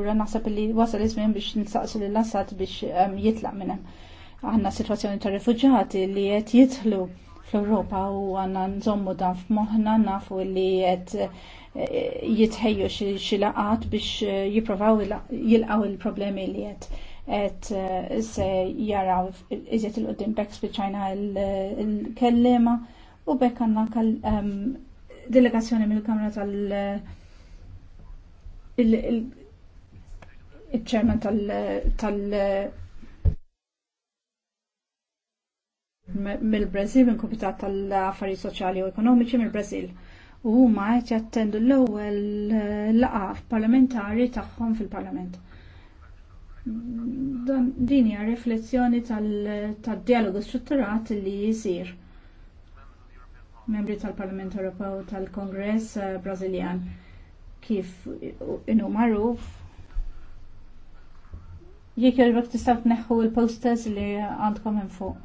Ura naħseb li wasal iż-żmien biex li lil Assad biex ehm, jitlaq minn hemm. situazzjoni sitwazzjoni ta' rifugġati li qed jidħlu fl-Ewropa u għandna nżommu dan f'moħħna nafu li qed eh, jitħejju xi laqat biex eh, jippruvaw jilqgħu il-problemi li qed et eh, se jaraw iżjed il qoddim bekk spiċajna l-kellema u bekk għandna ehm, delegazzjoni mill-Kamra tal- il-ċerman tal- mill-Brazil, minn kumitat tal-affarijiet soċjali u ekonomiċi mill-Brazil. U huma qed jattendu l-ewwel eh, laqgħa parlamentari tagħhom fil-Parlament. Din hija riflessjoni tad-dialogu strutturat li jsir membri tal-Parlament Ewropew tal-Kongress eh, Brażiljan kif inhu magħruf Jekk jogħġbok tistgħu tneħħu l-posters li għandkom minn fuq.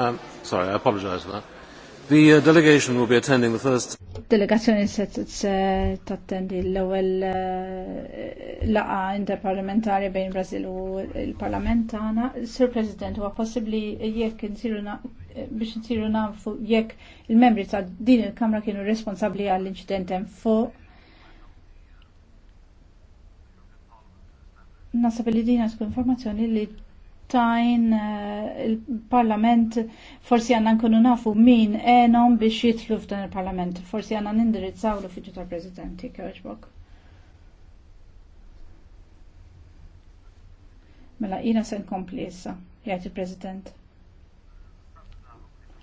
Um, sorry, I apologize for that. The uh, delegation will be attending the first... Delegazzjoni se tattendi l-ewwel uh, laqa interparlamentari bejn Brazil u l-Parlament għana. Sir President, huwa possibbli jekk insiru biex insiru nafu jekk il-membri ta' din il-Kamra kienu responsabbli għall incident hemm fuq. Nasab li din għasku informazzjoni li tajn il-parlament forsi għanna nkunu nafu min enom biex jitlu f'dan il-parlament. Forsi għanna nindirizzaw l-uffiċu tal-prezidenti, kħarġbok. Mela, jina sen kompli issa, jgħajt il-prezident.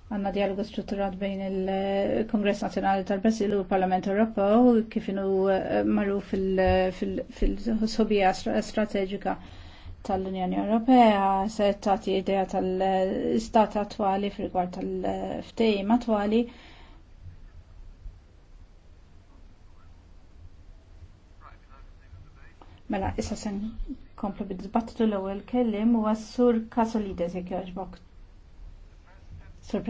Għanna dialogu strutturat bejn il-Kongress Nazjonali tal-Brasil u l-Parlament Ewropew kif inu marru fil-ħosobija strateġika. fil, fil, fil tal-Unjoni Ewropea se tagħti idea tal-istat attwali fil tal-ftehim attwali. Mela, issa se nkomplu bid-dibattitu l-ewwel kellim huwa sur Kasolides jekk jogħġbok. Sur